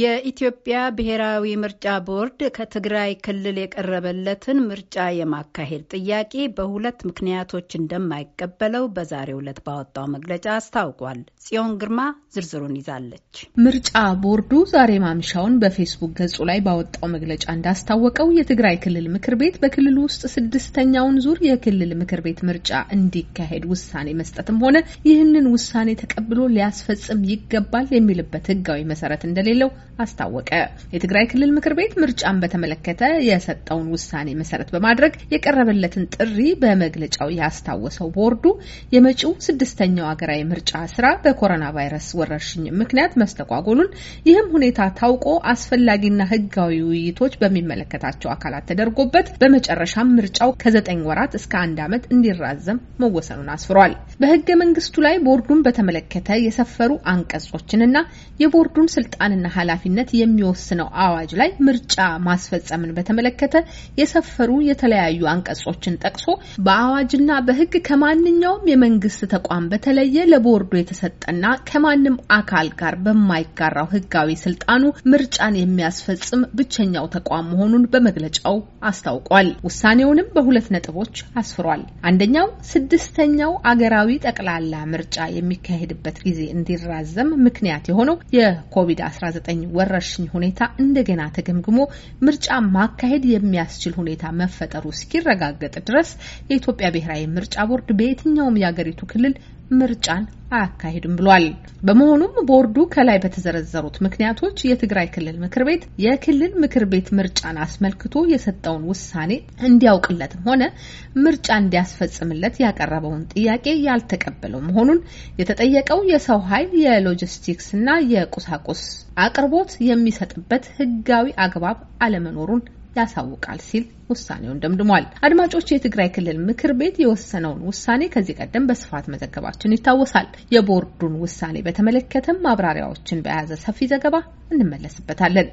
የኢትዮጵያ ብሔራዊ ምርጫ ቦርድ ከትግራይ ክልል የቀረበለትን ምርጫ የማካሄድ ጥያቄ በሁለት ምክንያቶች እንደማይቀበለው በዛሬው ዕለት ባወጣው መግለጫ አስታውቋል። ጽዮን ግርማ ዝርዝሩን ይዛለች። ምርጫ ቦርዱ ዛሬ ማምሻውን በፌስቡክ ገጹ ላይ ባወጣው መግለጫ እንዳስታወቀው የትግራይ ክልል ምክር ቤት በክልሉ ውስጥ ስድስተኛውን ዙር የክልል ምክር ቤት ምርጫ እንዲካሄድ ውሳኔ መስጠትም ሆነ ይህንን ውሳኔ ተቀብሎ ሊያስፈጽም ይገባል የሚልበት ሕጋዊ መሰረት እንደሌለው አስታወቀ። የትግራይ ክልል ምክር ቤት ምርጫን በተመለከተ የሰጠውን ውሳኔ መሰረት በማድረግ የቀረበለትን ጥሪ በመግለጫው ያስታወሰው ቦርዱ የመጪው ስድስተኛው ሀገራዊ ምርጫ ስራ በኮሮና ቫይረስ ወረርሽኝ ምክንያት መስተጓጎሉን፣ ይህም ሁኔታ ታውቆ አስፈላጊና ህጋዊ ውይይቶች በሚመለከታቸው አካላት ተደርጎበት በመጨረሻም ምርጫው ከዘጠኝ ወራት እስከ አንድ ዓመት እንዲራዘም መወሰኑን አስፍሯል። በህገ መንግስቱ ላይ ቦርዱን በተመለከተ የሰፈሩ አንቀጾችንና የቦርዱን ስልጣንና ኃላ ኃላፊነት የሚወስነው አዋጅ ላይ ምርጫ ማስፈጸምን በተመለከተ የሰፈሩ የተለያዩ አንቀጾችን ጠቅሶ በአዋጅና በሕግ ከማንኛውም የመንግስት ተቋም በተለየ ለቦርዱ የተሰጠና ከማንም አካል ጋር በማይጋራው ሕጋዊ ስልጣኑ ምርጫን የሚያስፈጽም ብቸኛው ተቋም መሆኑን በመግለጫው አስታውቋል። ውሳኔውንም በሁለት ነጥቦች አስፍሯል። አንደኛው ስድስተኛው አገራዊ ጠቅላላ ምርጫ የሚካሄድበት ጊዜ እንዲራዘም ምክንያት የሆነው የኮቪድ-19 ወረርሽኝ ሁኔታ እንደገና ተገምግሞ ምርጫ ማካሄድ የሚያስችል ሁኔታ መፈጠሩ እስኪረጋገጥ ድረስ የኢትዮጵያ ብሔራዊ ምርጫ ቦርድ በየትኛውም የአገሪቱ ክልል ምርጫን አያካሂድም ብሏል። በመሆኑም ቦርዱ ከላይ በተዘረዘሩት ምክንያቶች የትግራይ ክልል ምክር ቤት የክልል ምክር ቤት ምርጫን አስመልክቶ የሰጠውን ውሳኔ እንዲያውቅለትም ሆነ ምርጫ እንዲያስፈጽምለት ያቀረበውን ጥያቄ ያልተቀበለው መሆኑን የተጠየቀው የሰው ኃይል የሎጂስቲክስና የቁሳቁስ አቅርቦት የሚሰጥበት ሕጋዊ አግባብ አለመኖሩን ያሳውቃል ሲል ውሳኔውን ደምድሟል። አድማጮች፣ የትግራይ ክልል ምክር ቤት የወሰነውን ውሳኔ ከዚህ ቀደም በስፋት መዘገባችን ይታወሳል። የቦርዱን ውሳኔ በተመለከተም ማብራሪያዎችን በያዘ ሰፊ ዘገባ እንመለስበታለን።